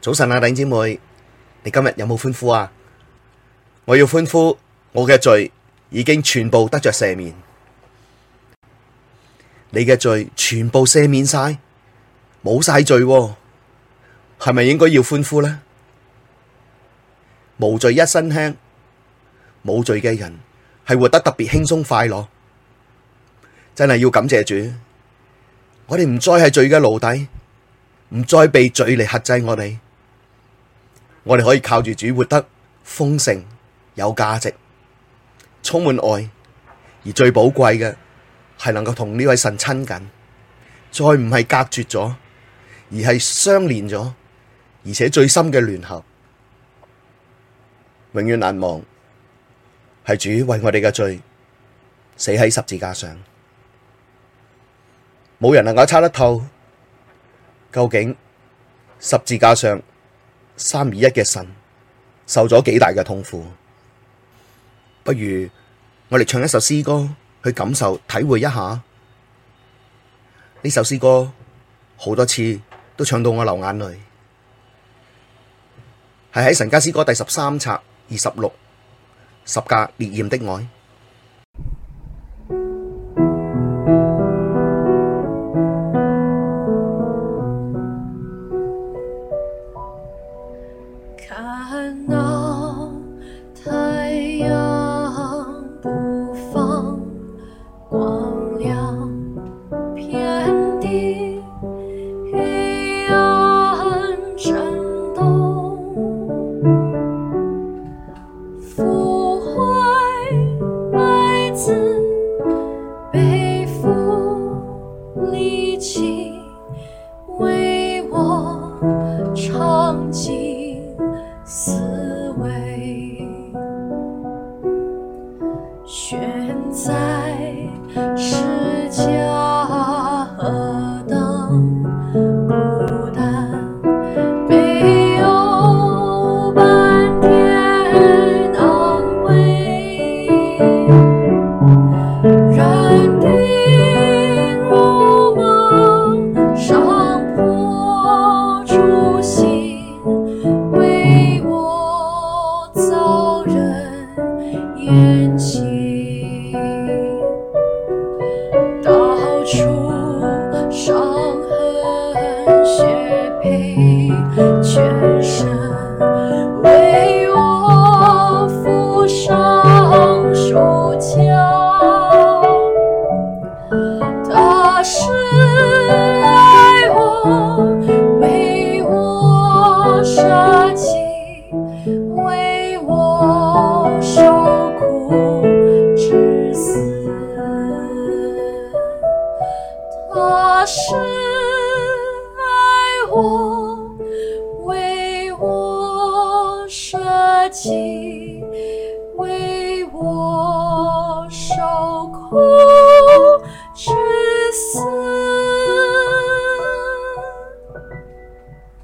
早晨啊，弟姐妹，你今日有冇歡呼啊？我要歡呼，我嘅罪已經全部得着赦免，你嘅罪全部赦免晒，冇晒罪，啊，係咪應該要歡呼呢？無罪一身輕，冇罪嘅人係活得特別輕鬆快樂，真係要感謝主，我哋唔再係罪嘅奴隸，唔再被罪嚟轄制我哋。我哋可以靠住主活得豐盛、有價值、充滿愛，而最寶貴嘅係能夠同呢位神親近，再唔係隔絕咗，而係相連咗，而且最深嘅聯合，永遠難忘係主為我哋嘅罪死喺十字架上，冇人能夠猜得透究竟十字架上，三二一嘅神受咗幾大嘅痛苦，不如我哋唱一首詩歌去感受、體會一下。呢首詩歌好多次都唱到我流眼淚，係喺神家詩歌第十三冊二十六十架烈焰的愛。懸在十架。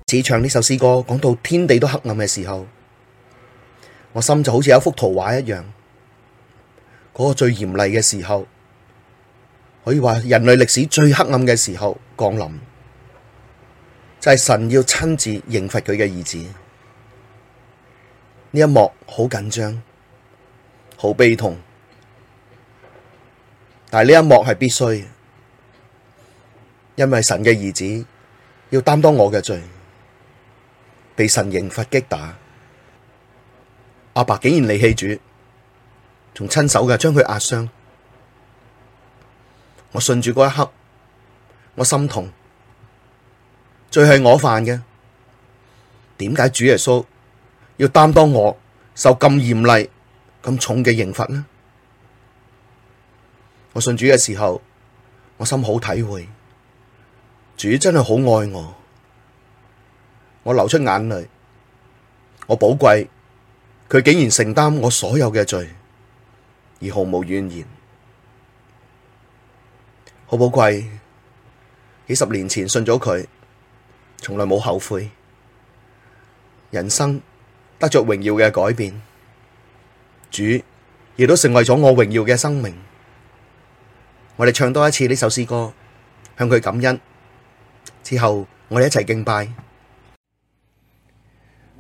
似唱呢首詩歌，講到天地都黑暗嘅時候，我心就好似有一幅圖畫一樣。嗰、那個最嚴厲嘅時候，可以話人類歷史最黑暗嘅時候降臨，就係、是、神要親自刑罰佢嘅兒子。呢一幕好緊張，好悲痛，但係呢一幕係必須，因為神嘅兒子要擔當我嘅罪。被神刑罰擊打，阿爸竟然離棄主，仲親手嘅將佢壓傷。我信住嗰一刻，我心痛，罪係我犯嘅，點解主耶穌要擔當我受咁嚴厲、咁重嘅刑罰呢？我信主嘅時候，我心好體會，主真係好愛我。我流出眼淚，我寶貴，佢竟然承擔我所有嘅罪，而毫無怨言，好寶貴。幾十年前信咗佢，從來冇後悔，人生得着榮耀嘅改變，主亦都成為咗我榮耀嘅生命。我哋唱多一次呢首詩歌，向佢感恩。之後我哋一齊敬拜。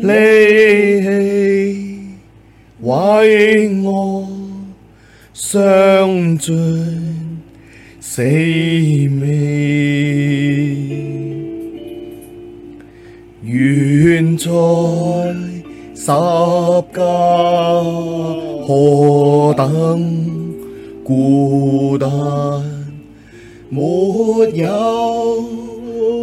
離棄，為我嘗盡，死味。懸在十架，何等孤單，沒有。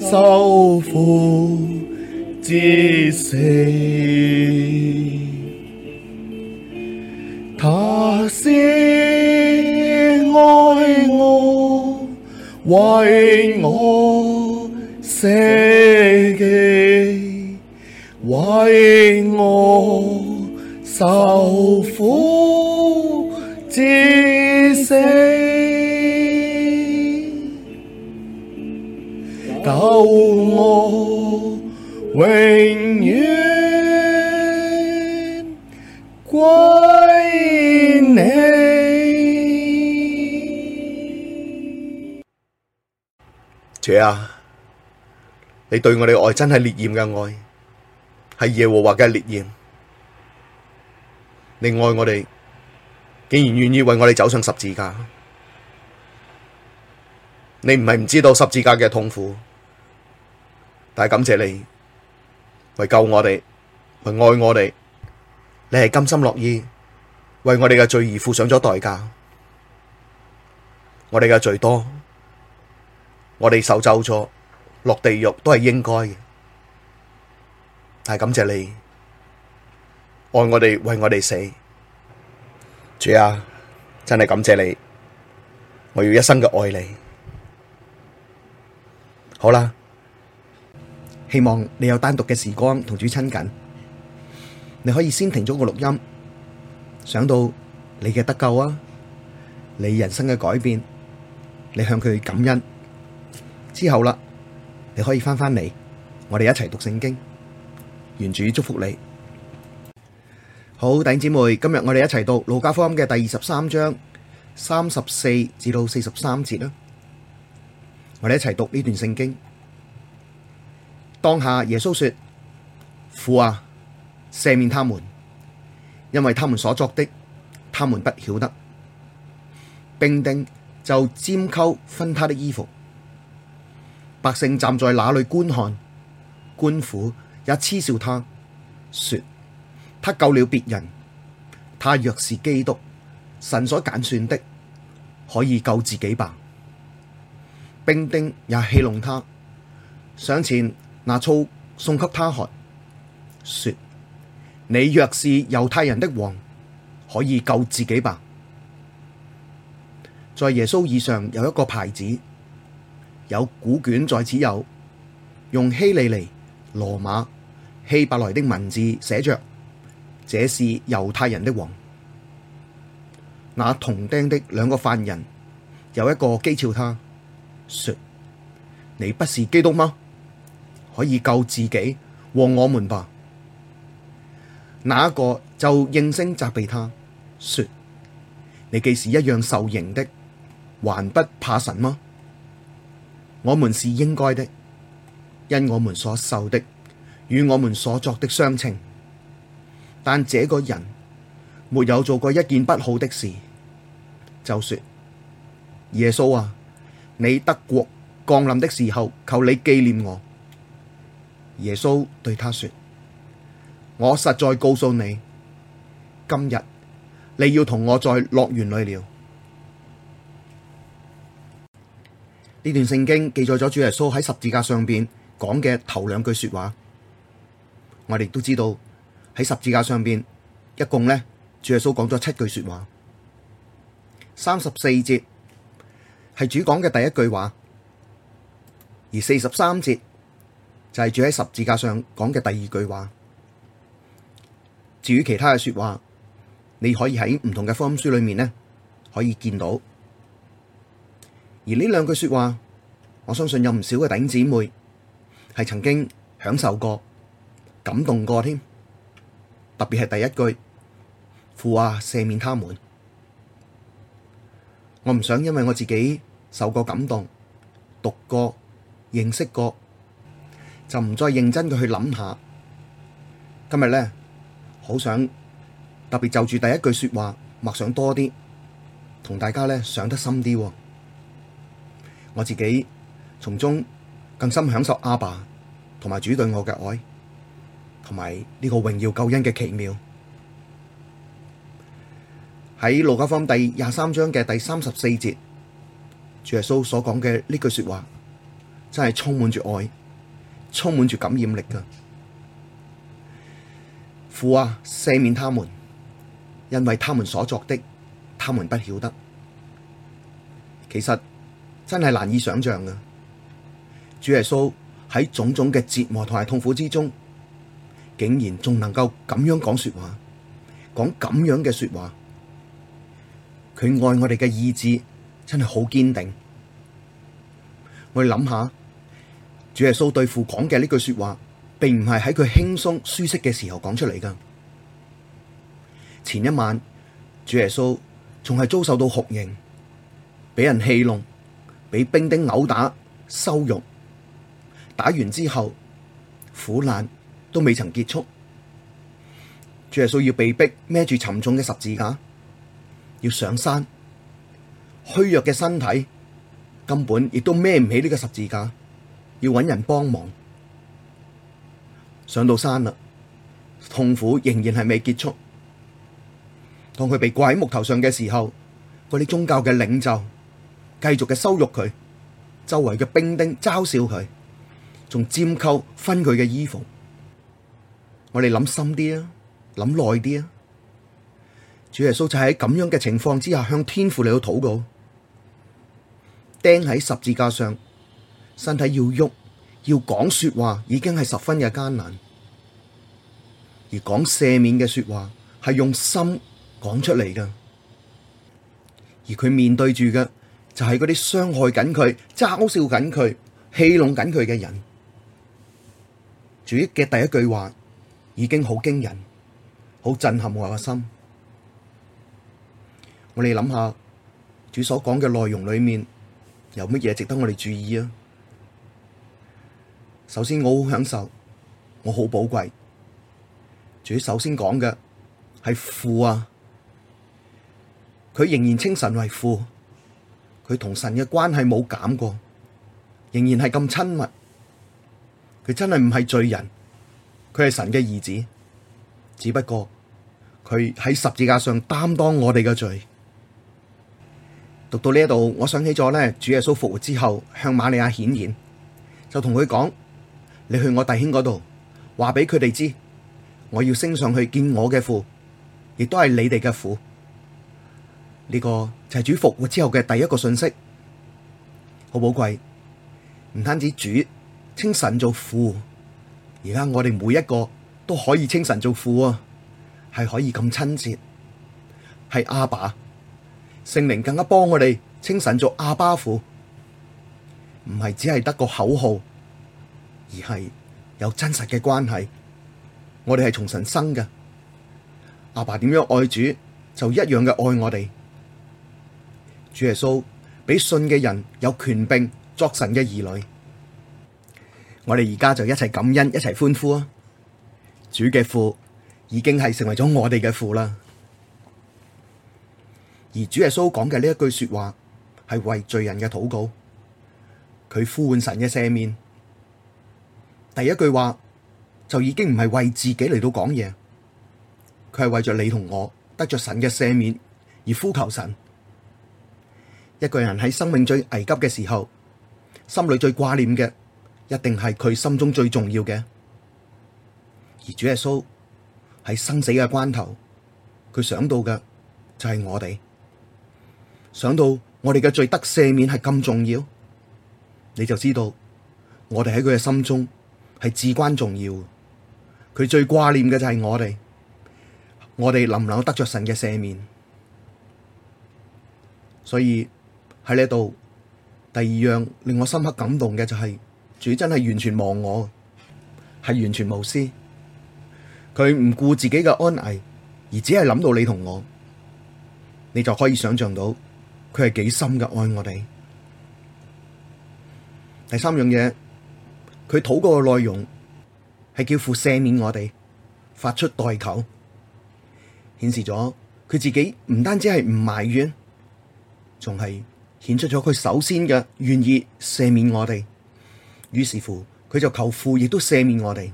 受苦至死，他是愛我，為我捨己，為我受苦。我永遠歸你。姐啊，你對我哋愛真係烈焰嘅愛，係耶和華嘅烈焰。你愛我哋，竟然願意為我哋走上十字架。你唔係唔知道十字架嘅痛苦。但感謝你為救我哋，為愛我哋，你係甘心樂意為我哋嘅罪而付上咗代價。我哋嘅罪多，我哋受咒咗，落地獄都係應該嘅。但係感謝你愛我哋，為我哋死，主啊，真係感謝你，我要一生嘅愛你。好啦。希望你有單獨嘅時光同主親近，你可以先停咗個錄音，想到你嘅得救啊，你人生嘅改變，你向佢感恩之後啦，你可以翻返嚟，我哋一齊讀聖經，願主祝福你。好，弟兄姊妹，今日我哋一齊讀路加福音嘅第二十三章三十四至到四十三節啦，啊，我哋一齊讀呢段聖經。當下耶穌說：父啊，赦免他們，因為他們所作的，他們不曉得。兵丁就拈鬮分他的衣服，百姓站在那裏觀看，官府也嗤笑他，說：他救了別人，他若是基督，神所揀選的，可以救自己吧。兵丁也戲弄他，上前。那拿醋送給他喝，說：你若是猶太人的王，可以救自己吧。在耶穌以上有一個牌子，有古卷在此有，用希利尼、羅馬、希伯來的文字寫着：這是猶太人的王。那同釘的兩個犯人有一個譏誚他說：你不是基督嗎？可以救自己和我們吧？那個就應聲責備他說：你既是一樣受刑的，還不怕神嗎？我們是應該的，因我們所受的與我們所作的相稱。但這個人沒有做過一件不好的事，就說：耶穌啊，你得國降臨的時候，求你紀念我。耶穌對他說：我實在告訴你，今日你要同我在樂園裏了。呢段聖經記載咗主耶穌喺十字架上邊講嘅頭兩句說話。我哋都知道喺十字架上邊，一共呢，主耶穌講咗七句說話。三十四節係主講嘅第一句話，而四十三節。就係住喺十字架上講嘅第二句話，至於其他嘅説話，你可以喺唔同嘅福音書裏面咧可以見到。而呢兩句説話，我相信有唔少嘅弟兄姊妹係曾經享受過、感動過添。特別係第一句，父啊，赦免他們。我唔想因為我自己受過感動、讀過、認識過，就唔再認真嘅去諗下，今日咧好想特別就住第一句說話，默想多啲，同大家咧想得深啲。我自己從中更深享受阿爸同埋主對我嘅愛，同埋呢個榮耀救恩嘅奇妙。喺路加福音第廿三章嘅第三十四節，主耶穌所講嘅呢句說話，真係充滿住愛，充滿住感染力噶，父啊，赦免他們，因為他們所作的，他們不曉得。其實真係難以想象噶，主耶穌喺種種嘅折磨同埋痛苦之中，竟然仲能夠咁樣講說話，講咁樣嘅說話，佢愛我哋嘅意志真係好堅定。我哋諗下。主耶穌對父講嘅呢句說話，並唔係喺佢輕鬆舒適嘅時候講出嚟噶。前一晚，主耶穌仲係遭受到酷刑，俾人戲弄，俾兵丁毆打、羞辱。打完之後，苦難都未曾結束。主耶穌要被逼孭住沉重嘅十字架，要上山，虛弱嘅身體根本亦都孭唔起呢個十字架。要揾人幫忙，上到山啦，痛苦仍然係未結束。當佢被掛喺木頭上嘅時候，嗰啲宗教嘅領袖繼續嘅羞辱佢，周圍嘅兵丁嘲笑佢，仲拈鬮分佢嘅衣服。我哋諗深啲啊，諗耐啲啊，主耶穌就喺咁樣嘅情況之下向天父嚟到禱告，釘喺十字架上。身體要喐，要講說話已經係十分嘅艱難，而講赦免嘅說話係用心講出嚟噶而佢面對住嘅就係嗰啲傷害緊佢、嘲笑緊佢、戲弄緊佢嘅人。主嘅第一句話已經好驚人，好震撼我嘅心。我哋諗下，主所講嘅內容裏面有乜嘢值得我哋注意啊？首先我好享受，我好寶貴。主首先講嘅係父啊，佢仍然稱神為父，佢同神嘅關係冇減過，仍然係咁親密。佢真係唔係罪人，佢係神嘅兒子，只不過佢喺十字架上擔當我哋嘅罪。讀到呢一度，我想起咗呢，主耶穌復活之後，向瑪利亞顯現，就同佢講。你去我弟兄嗰度，話俾佢哋知，我要升上去見我嘅父，亦都係你哋嘅父。呢個就係主復活之後嘅第一個信息，好寶貴。唔單止主稱神做父，而家我哋每一個都可以稱神做父啊，係可以咁親切，係阿爸。聖靈更加幫我哋稱神做阿爸父，唔係只係得個口號而係有真實嘅關係，我哋係從神生嘅。阿爸點樣愛主，就一樣嘅愛我哋。主耶穌俾信嘅人有權柄作神嘅兒女。我哋而家就一齊感恩，一齊歡呼啊！主嘅父已經係成為咗我哋嘅父啦。而主耶穌講嘅呢一句說話，係為罪人嘅禱告。佢呼喚神嘅赦免。第一句話就已經唔係為自己嚟到講嘢，佢係為着你同我得着神嘅赦免而呼求神。一個人喺生命最危急嘅時候，心裏最掛念嘅一定係佢心中最重要嘅，而主耶穌喺生死嘅關頭，佢想到嘅就係我哋，想到我哋嘅罪得赦免係咁重要，你就知道我哋喺佢嘅心中。係至關重要，佢最掛念嘅就係我哋，我哋能唔能得着神嘅赦免？所以喺呢度，第二樣令我深刻感動嘅就係、是、主真係完全忘我，係完全無私，佢唔顧自己嘅安危，而只係諗到你同我，你就可以想象到佢係幾深嘅愛我哋。第三樣嘢。佢禱告嘅內容係叫父赦免我哋，發出代求，顯示咗佢自己唔單止係唔埋怨，仲係顯出咗佢首先嘅願意赦免我哋。於是乎，佢就求父亦都赦免我哋。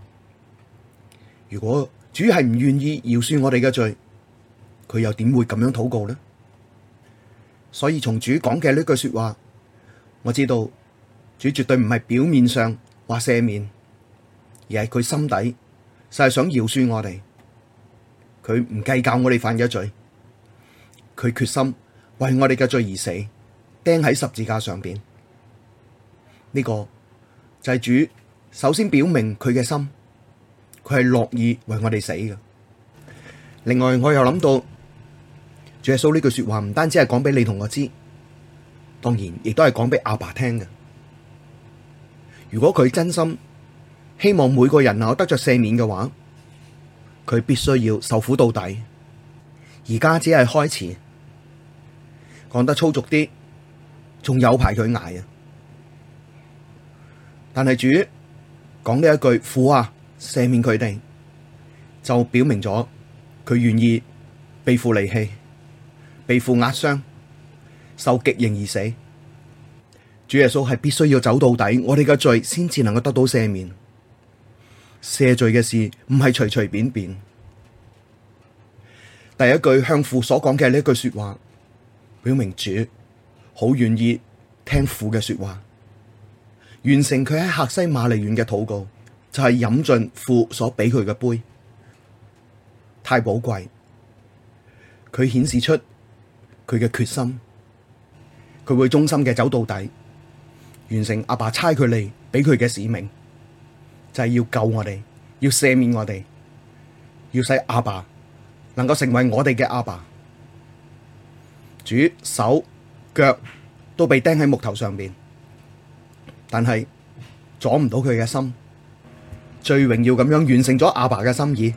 如果主係唔願意饒恕我哋嘅罪，佢又點會咁樣禱告呢？所以從主講嘅呢句說話，我知道主絕對唔係表面上。話赦免，而係佢心底就係想饒恕我哋。佢唔計較我哋犯咗罪，佢決心為我哋嘅罪而死，釘喺十字架上邊。呢、呢個就係主首先表明佢嘅心，佢係樂意為我哋死嘅。另外，我又諗到，主耶穌呢句說話唔單止係講俾你同我知，當然亦都係講俾阿爸聽嘅。如果佢真心希望每個人能夠得着赦免嘅話，佢必須要受苦到底。而家只係開始，講得粗俗啲，仲有排佢捱啊！但係主講呢一句父啊，赦免佢哋，就表明咗佢願意被父離棄，被父壓傷，受極刑而死。主耶穌係必須要走到底，我哋嘅罪先至能夠得到赦免。赦罪嘅事唔係隨隨便便。第一句向父所講嘅呢句說話，表明主好願意聽父嘅說話，完成佢喺客西馬尼園嘅禱告，就係飲盡父所畀佢嘅杯，太寶貴。佢顯示出佢嘅決心，佢會忠心嘅走到底。完成阿爸差佢嚟俾佢嘅使命，就係要救我哋，要赦免我哋，要使阿爸能夠成為我哋嘅阿爸。主手腳都被釘喺木頭上面，但係阻唔到佢嘅心。最榮耀咁樣完成咗阿爸嘅心意，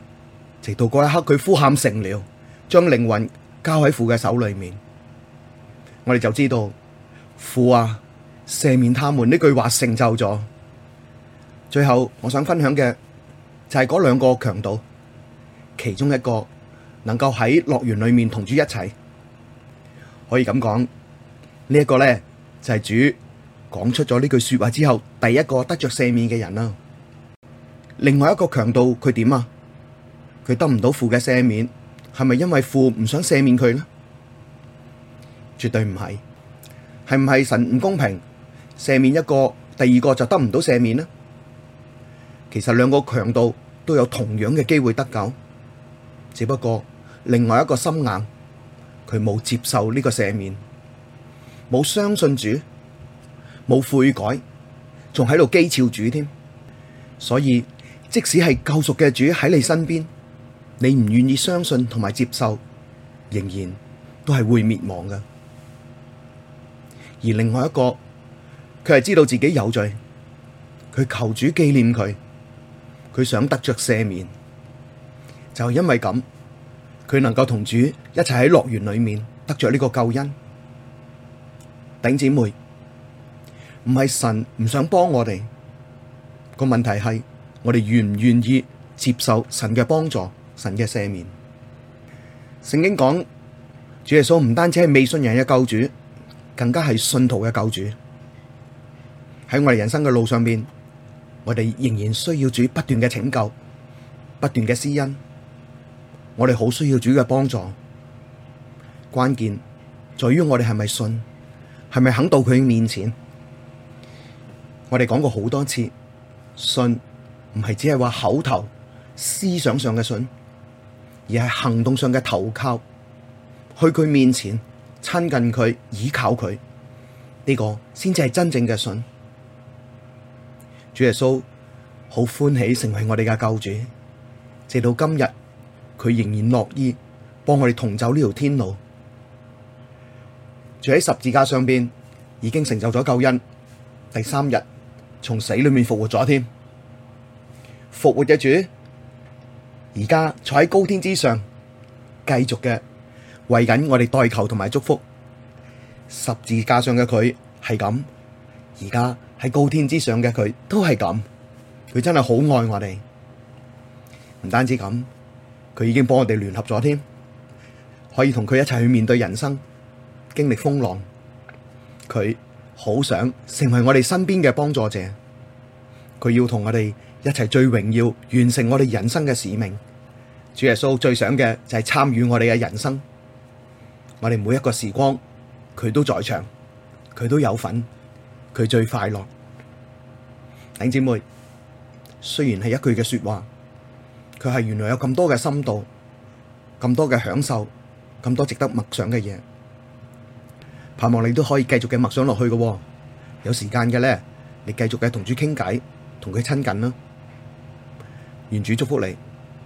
直到嗰一刻佢呼喊成了，將靈魂交喺父嘅手裏面，我哋就知道父啊！赦免他們呢句話成就咗。最後我想分享嘅就係嗰兩個強盜，其中一個能夠喺樂園裏面同主一齊，可以咁講呢一個咧就係主講出咗呢句說話之後第一個得着赦免嘅人啦。另外一個強盜，佢點啊？佢得唔到父嘅赦免，係咪因為父唔想赦免佢呢？絕對唔係，係唔係神唔公平？赦免一個，第二個就得唔到赦免啦。其實兩個強盜都有同樣嘅機會得救，只不過另外一個心硬，佢冇接受呢個赦免，冇相信主，冇悔改，仲喺度譏誚主添。所以即使係救贖嘅主喺你身邊，你唔願意相信同埋接受，仍然都係會滅亡噶。而另外一個。佢係知道自己有罪，佢求主紀念佢，佢想得着赦免，就係因為咁，佢能夠同主一齊喺樂園裏面得着呢個救恩。頂姐妹，唔係神唔想幫我哋，個問題係我哋願唔願意接受神嘅幫助，神嘅赦免。聖經講，主耶穌唔單止係未信人嘅救主，更加係信徒嘅救主。喺我哋人生嘅路上面，我哋仍然需要主不斷嘅拯救，不斷嘅施恩。我哋好需要主嘅幫助。關鍵在於我哋係咪信，係咪肯到佢面前？我哋講過好多次，信唔係只係話口頭、思想上嘅信，而係行動上嘅投靠，去佢面前親近佢、倚靠佢，呢個先至係真正嘅信。主耶穌好歡喜成為我哋嘅救主，直到今日，佢仍然樂意幫我哋同走呢條天路。住喺十字架上邊已經成就咗救恩，第三日從死裏面復活咗添。復活嘅主而家坐喺高天之上，繼續嘅，為緊我哋代求同埋祝福。十字架上嘅佢係咁，而家。喺高天之上嘅佢都係咁，佢真係好愛我哋。唔單止咁，佢已經幫我哋聯合咗添，可以同佢一齊去面對人生，經歷風浪。佢好想成為我哋身邊嘅幫助者，佢要同我哋一齊最榮耀完成我哋人生嘅使命。主耶穌最想嘅就係參與我哋嘅人生，我哋每一個時光，佢都在場，佢都有份。佢最快樂，頂姊妹，雖然係一句嘅說話，佢係原來有咁多嘅深度，咁多嘅享受，咁多值得默想嘅嘢，盼望你都可以繼續嘅默想落去嘅。哦，有時間嘅咧，你繼續嘅同主傾偈，同佢親近啦，願主祝福你。